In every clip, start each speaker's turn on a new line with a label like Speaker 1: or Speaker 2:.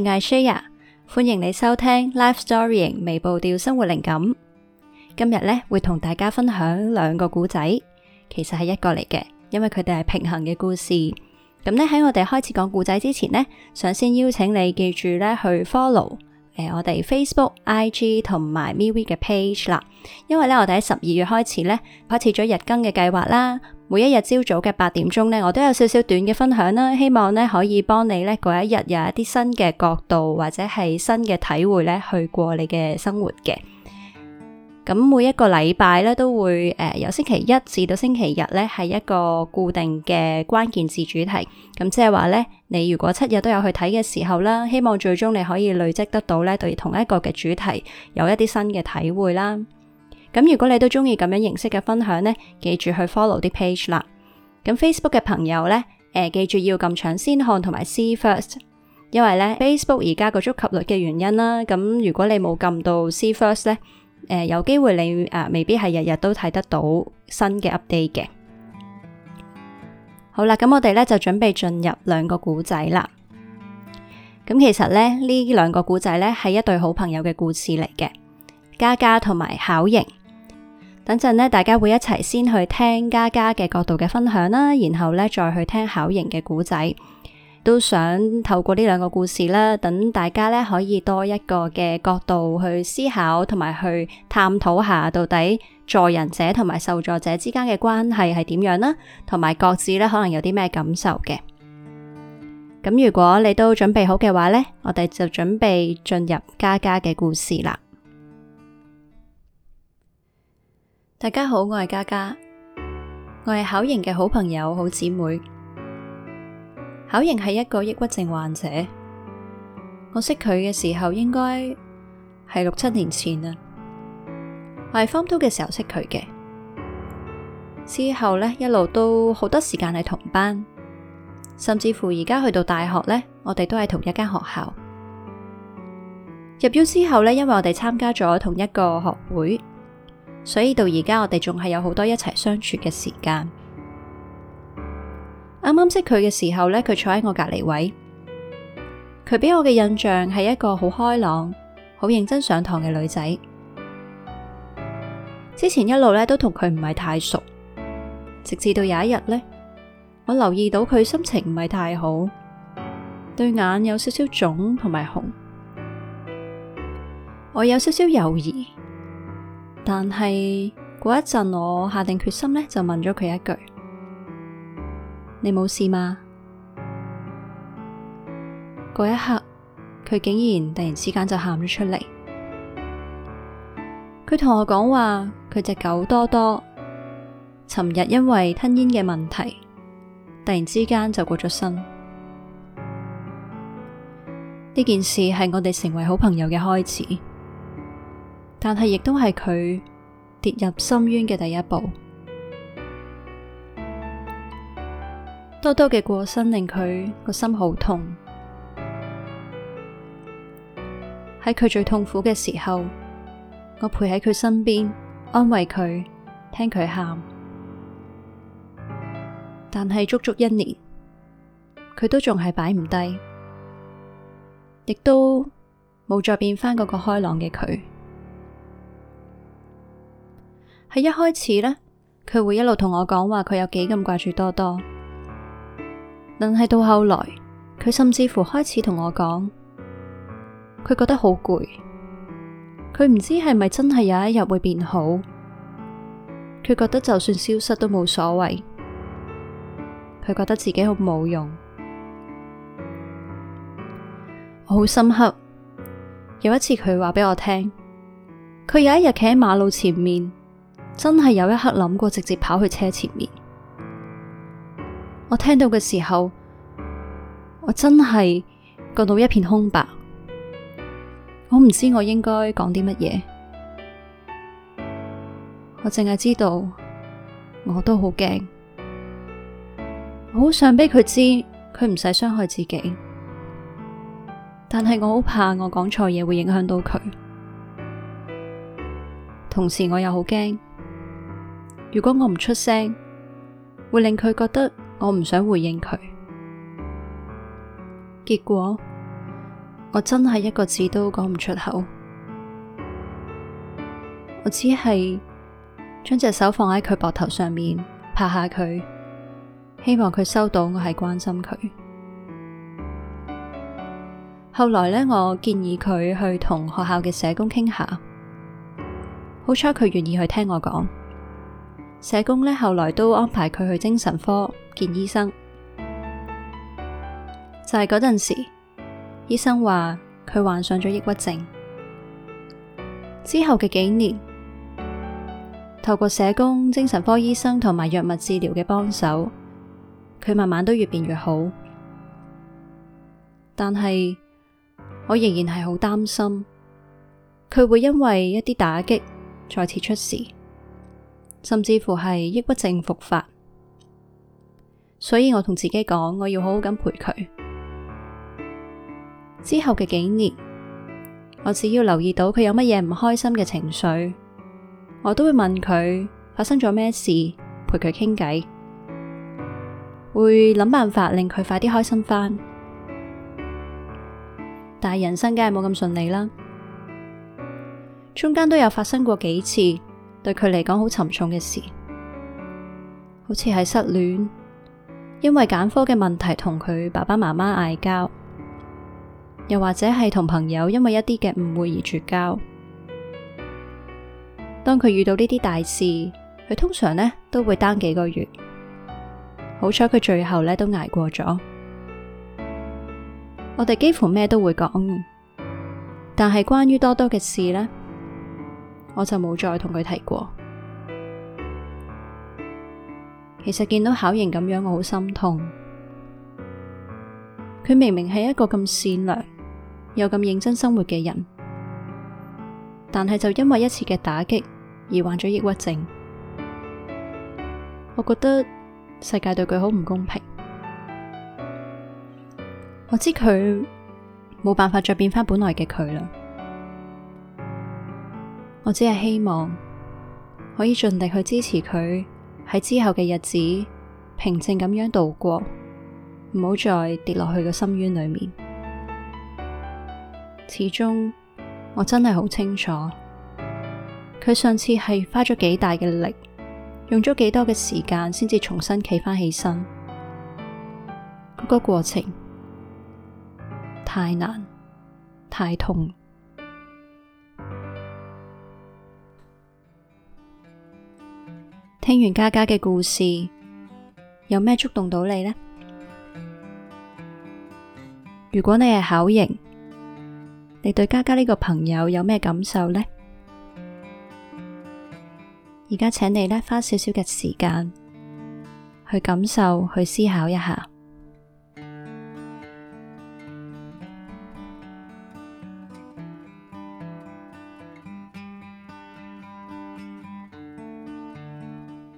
Speaker 1: 係 Shaya，Hi, 歡迎你收聽 Life Storying 微步調生活靈感。今日咧會同大家分享兩個故仔，其實係一個嚟嘅，因為佢哋係平行嘅故事。咁咧喺我哋開始講故仔之前咧，想先邀請你記住咧去 follow 誒、呃、我哋 Facebook、IG 同埋 MeWe 嘅 page 啦。因為咧我哋喺十二月開始咧開始咗日更嘅計劃啦。每一日朝早嘅八點鐘咧，我都有少少短嘅分享啦，希望咧可以幫你咧嗰一日有一啲新嘅角度或者係新嘅體會咧去過你嘅生活嘅。咁每一個禮拜咧都會誒、呃、由星期一至到星期日咧係一個固定嘅關鍵字主題，咁即係話咧你如果七日都有去睇嘅時候啦，希望最終你可以累積得到咧對同一個嘅主題有一啲新嘅體會啦。咁如果你都中意咁樣形式嘅分享呢，記住去 follow 啲 page 啦。咁 Facebook 嘅朋友呢，誒、呃，記住要撳搶先看同埋 See First，因為咧 Facebook 而家個觸及率嘅原因啦。咁如果你冇撳到 See First 呢，誒、呃，有機會你啊、呃、未必係日日都睇得到新嘅 update 嘅。好啦，咁我哋呢就準備進入兩個古仔啦。咁其實呢，呢兩個古仔呢係一對好朋友嘅故事嚟嘅，嘉嘉同埋巧瑩。等陣咧，大家會一齊先去聽嘉嘉嘅角度嘅分享啦，然後咧再去聽巧瑩嘅故仔。都想透過呢兩個故事啦，等大家咧可以多一個嘅角度去思考同埋去探討下，到底助人者同埋受助者之間嘅關係係點樣啦，同埋各自咧可能有啲咩感受嘅。咁如果你都準備好嘅話咧，我哋就準備進入嘉嘉嘅故事啦。大家好，我係嘉嘉，我係巧瑩嘅好朋友、好姊妹。巧瑩係一個抑鬱症患者，我識佢嘅時候應該係六七年前啦，我喺方都嘅時候識佢嘅。之後呢，一路都好多時間係同班，甚至乎而家去到大學呢，我哋都係同一間學校。入 U 之後呢，因為我哋參加咗同一個學會。所以到而家我哋仲係有好多一齊相處嘅時間。啱啱識佢嘅時候呢，佢坐喺我隔籬位，佢俾我嘅印象係一個好開朗、好認真上堂嘅女仔。之前一路呢都同佢唔係太熟，直至到有一日呢，我留意到佢心情唔係太好，對眼有少少腫同埋紅，我有少少猶疑。但係嗰一陣，我下定決心呢，就問咗佢一句：你冇事嗎？嗰一刻，佢竟然突然之間就喊咗出嚟。佢同我講話：佢隻狗多多，尋日因為吞煙嘅問題，突然之間就過咗身。呢件事係我哋成為好朋友嘅開始。但係，亦都係佢跌入深淵嘅第一步。多多嘅過身令佢個心好痛。喺佢最痛苦嘅時候，我陪喺佢身邊，安慰佢，聽佢喊。但係足足一年，佢都仲係擺唔低，亦都冇再變返嗰個開朗嘅佢。喺一開始呢，佢會一路同我講話，佢有幾咁掛住多多。但係到後來，佢甚至乎開始同我講，佢覺得好攰，佢唔知係咪真係有一日會變好。佢覺得就算消失都冇所謂，佢覺得自己好冇用。我好深刻，有一次佢話俾我聽，佢有一日企喺馬路前面。真係有一刻諗過直接跑去車前面，我聽到嘅時候，我真係個腦一片空白，我唔知我應該講啲乜嘢，我淨係知道我都好驚，我好想俾佢知佢唔使傷害自己，但係我好怕我講錯嘢會影響到佢，同時我又好驚。如果我唔出聲，會令佢覺得我唔想回應佢。結果我真係一個字都講唔出口，我只係將隻手放喺佢膊頭上面拍下佢，希望佢收到我係關心佢。後來呢，我建議佢去同學校嘅社工傾下，好彩佢願意去聽我講。社工呢，後來都安排佢去精神科見醫生，就係嗰陣時，醫生話佢患上咗抑鬱症。之後嘅幾年，透過社工、精神科醫生同埋藥物治療嘅幫手，佢慢慢都越變越好。但係我仍然係好擔心，佢會因為一啲打擊再次出事。甚至乎係抑鬱症復發，所以我同自己講，我要好好咁陪佢。之後嘅幾年，我只要留意到佢有乜嘢唔開心嘅情緒，我都會問佢發生咗咩事，陪佢傾偈，會諗辦法令佢快啲開心翻。但係人生梗係冇咁順利啦，中間都有發生過幾次。對佢嚟講好沉重嘅事，好似係失戀，因為揀科嘅問題同佢爸爸媽媽嗌交，又或者係同朋友因為一啲嘅誤會而絕交。當佢遇到呢啲大事，佢通常呢都會 down 幾個月。好彩佢最後呢都捱過咗。我哋幾乎咩都會講，但係關於多多嘅事呢，我就冇再同佢提過。其實見到巧瑩咁樣，我好心痛。佢明明係一個咁善良又咁認真生活嘅人，但係就因為一次嘅打擊而患咗抑鬱症。我覺得世界對佢好唔公平。我知佢冇辦法再變返本來嘅佢啦。我只係希望可以盡力去支持佢，喺之後嘅日子平靜咁樣度過，唔好再跌落去個深淵裏面。始終我真係好清楚，佢上次係花咗幾大嘅力，用咗幾多嘅時間先至重新企翻起身。嗰個過程太難，太痛。聽完嘉嘉嘅故事，有咩觸動到你呢？如果你係考型，你對嘉嘉呢個朋友有咩感受呢？而家請你呢，花少少嘅時間去感受、去思考一下。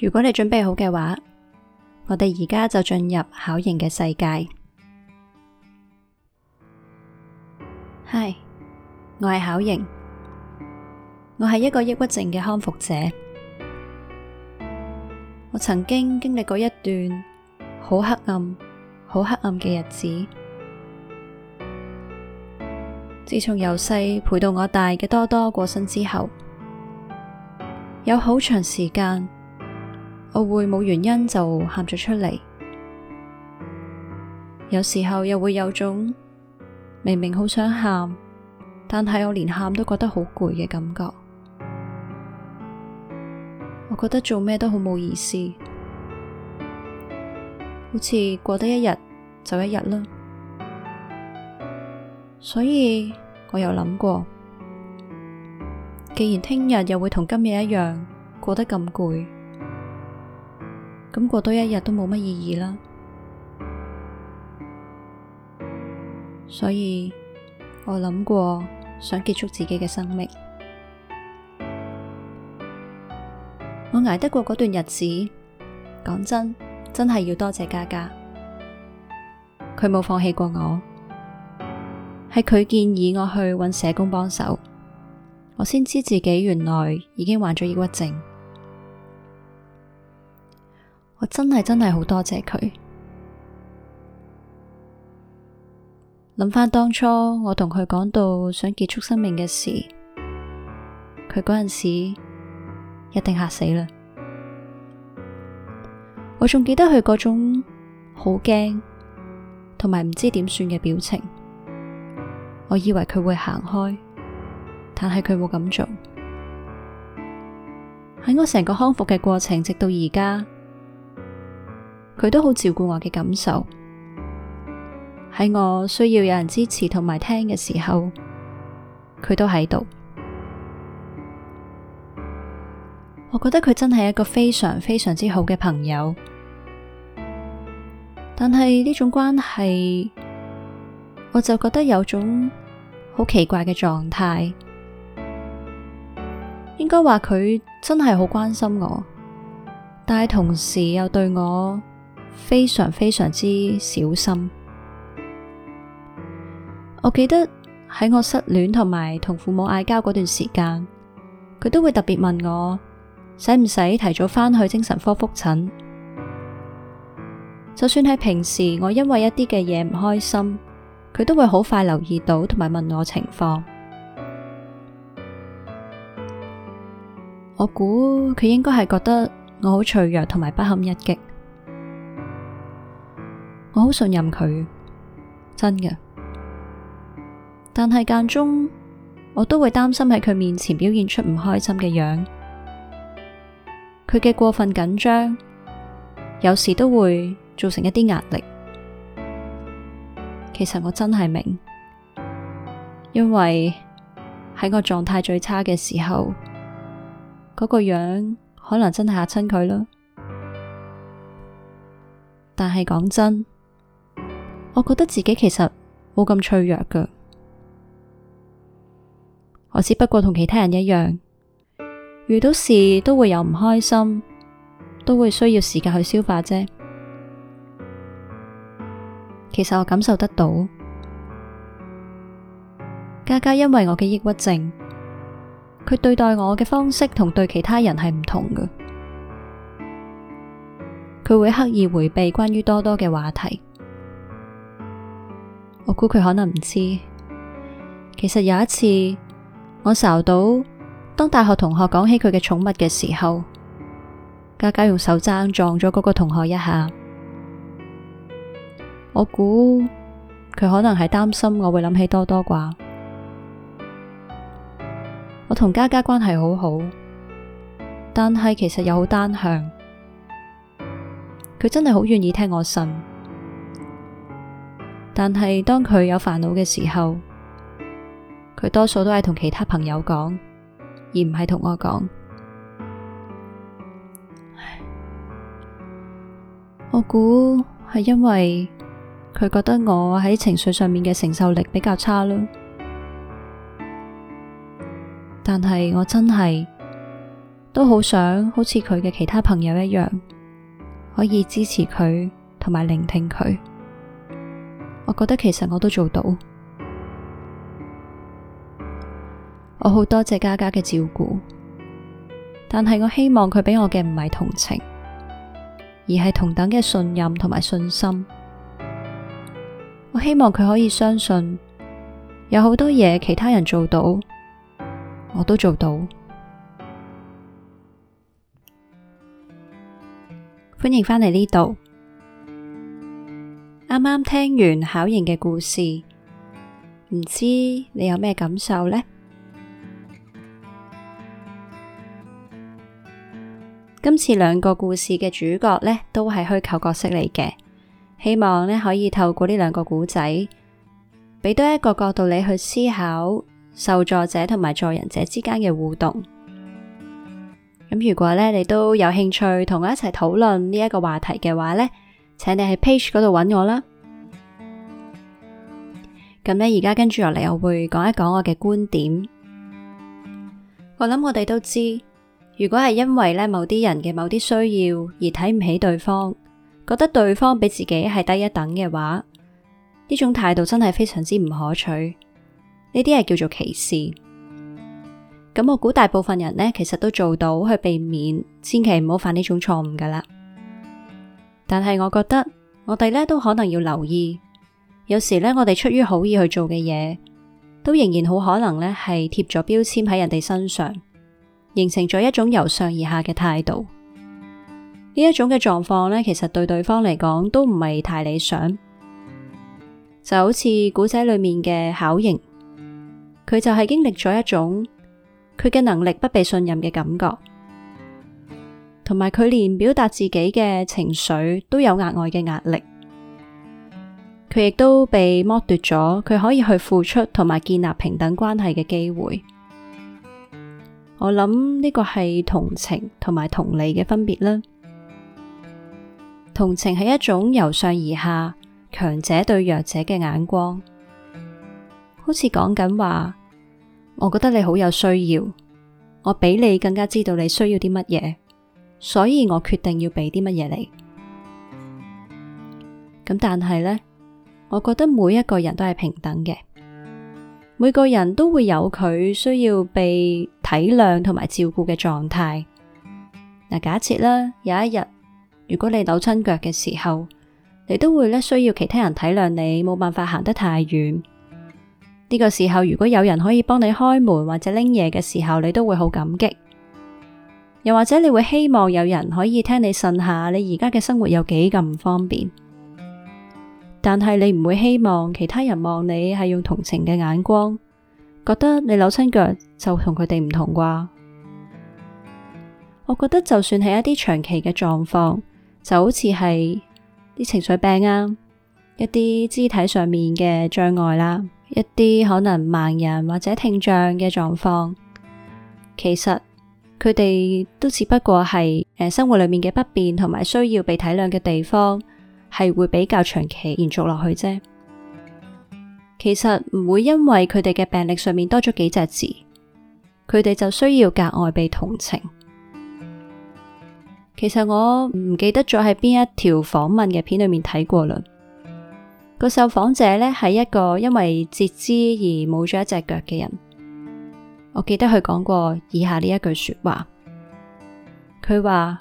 Speaker 1: 如果你準備好嘅話，我哋而家就進入巧瑩嘅世界。嗨，我係巧瑩，我係一個抑鬱症嘅康復者。我曾經經歷過一段好黑暗、好黑暗嘅日子。自從由細陪到我大嘅多多過身之後，有好長時間。我會冇原因就喊咗出嚟，有時候又會有種明明好想喊，但係我連喊都覺得好攰嘅感覺。我覺得做咩都好冇意思，好似過得一日就一日啦。所以我有諗過，既然聽日又會同今日一樣過得咁攰。咁過多一日都冇乜意義啦，所以我諗過想結束自己嘅生命。我捱得過嗰段日子，講真，真係要多謝嘉嘉。佢冇放棄過我，係佢建議我去揾社工幫手，我先知自己原來已經患咗抑鬱症。我真係真係好多謝佢。諗翻當初我同佢講到想結束生命嘅事，佢嗰陣時一定吓死啦。我仲記得佢嗰種好驚，同埋唔知點算嘅表情。我以為佢會行開，但係佢冇咁做。喺我成個康復嘅過程，直到而家。佢都好照顧我嘅感受，喺我需要有人支持同埋聽嘅時候，佢都喺度。我覺得佢真係一個非常非常之好嘅朋友，但係呢種關係，我就覺得有種好奇怪嘅狀態。應該話，佢真係好關心我，但係同時又對我。非常非常之小心。我記得喺我失戀同埋同父母嗌交嗰段時間，佢都會特別問我使唔使提早返去精神科覆診。就算係平時，我因為一啲嘅嘢唔開心，佢都會好快留意到同埋問我情況。我估佢應該係覺得我好脆弱同埋不堪一擊。我好信任佢，真嘅。但係間中，我都會擔心喺佢面前表現出唔開心嘅樣。佢嘅過分緊張，有時都會造成一啲壓力。其實我真係明，因為喺我狀態最差嘅時候，嗰個樣可能真係嚇親佢囉。但係講真。我覺得自己其實冇咁脆弱㗎。我只不過同其他人一樣，遇到事都會有唔開心，都會需要時間去消化啫。其實我感受得到，家家因為我嘅抑鬱症，佢對待我嘅方式同對其他人係唔同㗎。佢會刻意回避關於多多嘅話題。我估佢可能唔知，其實有一次我睄到，當大學同學講起佢嘅寵物嘅時候，嘉嘉用手踭撞咗嗰個同學一下，我估佢可能係擔心我會諗起多多啩。我同嘉嘉關係好好，但係其實又好單向，佢真係好願意聽我呻。但係，當佢有煩惱嘅時候，佢多數都係同其他朋友講，而唔係同我講。我估係因為佢覺得我喺情緒上面嘅承受力比較差囉。但係，我真係都好想好似佢嘅其他朋友一樣，可以支持佢同埋聆聽佢。我覺得其實我都做到，我好多謝嘉嘉嘅照顧，但係我希望佢畀我嘅唔係同情，而係同等嘅信任同埋信心。我希望佢可以相信，有好多嘢其他人做到，我都做到。歡迎返嚟呢度。啱啱聽完考驗嘅故事，唔知你有咩感受呢？今次兩個故事嘅主角呢，都係虛構角色嚟嘅。希望呢可以透過呢兩個故仔，俾多一個角度你去思考受助者同埋助人者之間嘅互動。咁如果呢你都有興趣同我一齊討論呢一個話題嘅話呢，請你喺 page 嗰度揾我啦。咁呢，而家跟住落嚟，我會講一講我嘅觀點。我諗我哋都知，如果係因為呢某啲人嘅某啲需要而睇唔起對方，覺得對方比自己係低一等嘅話，呢種態度真係非常之唔可取。呢啲係叫做歧視。咁我估大部分人呢，其實都做到去避免千，千祈唔好犯呢種錯誤噶啦。但係我覺得我哋咧都可能要留意，有時咧我哋出於好意去做嘅嘢，都仍然好可能咧係貼咗標籤喺人哋身上，形成咗一種由上而下嘅態度。呢一種嘅狀況咧，其實對對方嚟講都唔係太理想，就好似古仔裏面嘅巧瑩，佢就係經歷咗一種佢嘅能力不被信任嘅感覺。同埋，佢連表達自己嘅情緒都有額外嘅壓力。佢亦都被剝奪咗佢可以去付出同埋建立平等關係嘅機會。我諗呢個係同情同埋同理嘅分別啦。同情係一種由上而下，強者對弱者嘅眼光，好似講緊話，我覺得你好有需要，我比你更加知道你需要啲乜嘢。所以我決定要俾啲乜嘢你。咁但係呢，我覺得每一個人都係平等嘅，每個人都會有佢需要被體諒同埋照顧嘅狀態。嗱，假設啦，有一日如果你扭親腳嘅時候，你都會咧需要其他人體諒你，冇辦法行得太遠。呢個時候，如果有人可以幫你開門或者拎嘢嘅時候，你都會好感激。又或者你會希望有人可以聽你呻下，你而家嘅生活有幾咁唔方便，但係你唔會希望其他人望你係用同情嘅眼光，覺得你扭親腳就同佢哋唔同啩？我覺得就算係一啲長期嘅狀況，就好似係啲情緒病啊，一啲肢體上面嘅障礙啦，一啲可能盲人或者聽障嘅狀況，其實。佢哋都只不過係誒，生活裏面嘅不便同埋需要被體諒嘅地方，係會比較長期延續落去啫。其實唔會因為佢哋嘅病歷上面多咗幾隻字，佢哋就需要格外被同情。其實我唔記得咗喺邊一條訪問嘅片裏面睇過啦。個受訪者咧，係一個因為截肢而冇咗一隻腳嘅人。我記得佢講過以下呢一句說話，佢話，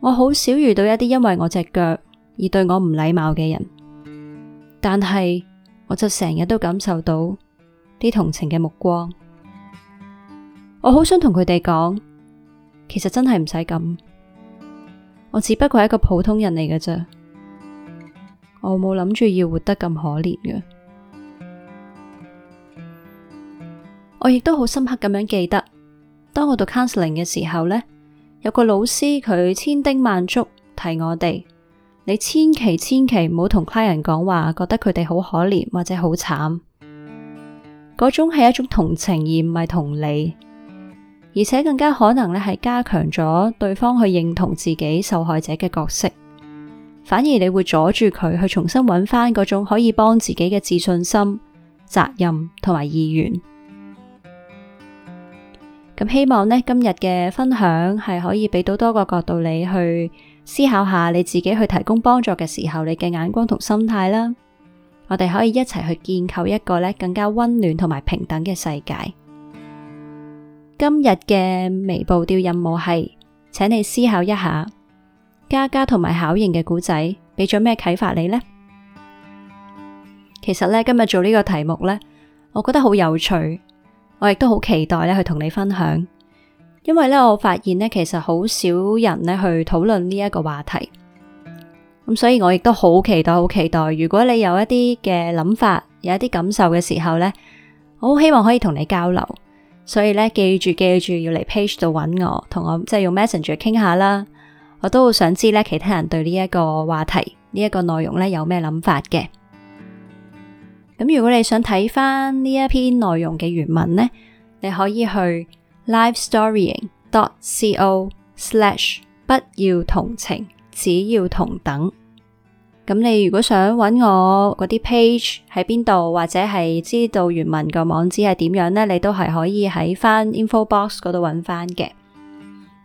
Speaker 1: 我好少遇到一啲因為我隻腳而對我唔禮貌嘅人，但係我就成日都感受到啲同情嘅目光。我好想同佢哋講，其實真係唔使咁，我只不過係一個普通人嚟嘅啫，我冇諗住要活得咁可憐嘅。我亦都好深刻咁樣記得，當我讀 counseling 嘅時候呢，有個老師佢千叮萬囑提我哋，你千祈千祈唔好同 client 講話，覺得佢哋好可憐或者好慘，嗰種係一種同情而唔係同理，而且更加可能咧係加強咗對方去認同自己受害者嘅角色，反而你會阻住佢去重新揾翻嗰種可以幫自己嘅自信心、責任同埋意願。咁希望呢今日嘅分享係可以俾到多個角度你去思考下，你自己去提供幫助嘅時候，你嘅眼光同心態啦。我哋可以一齊去建構一個咧更加溫暖同埋平等嘅世界。今日嘅微步調任務係，請你思考一下，嘉嘉同埋巧瑩嘅古仔俾咗咩啟發你呢？其實咧，今日做呢個題目咧，我覺得好有趣。我亦都好期待咧去同你分享，因為咧我發現咧其實好少人咧去討論呢一個話題，咁所以我亦都好期待，好期待。如果你有一啲嘅諗法，有一啲感受嘅時候咧，我好希望可以同你交流。所以咧，記住記住要嚟 Page 度揾我，同我即係用 Messenger 傾下啦。我都好想知咧其他人對呢一個話題，呢一個內容咧有咩諗法嘅。咁如果你想睇翻呢一篇內容嘅原文呢，你可以去 lifestorying.co/slash 不要同情，只要同等。咁你如果想揾我嗰啲 page 喺邊度，或者係知道原文個網址係點樣呢？你都係可以喺翻 info box 嗰度揾翻嘅。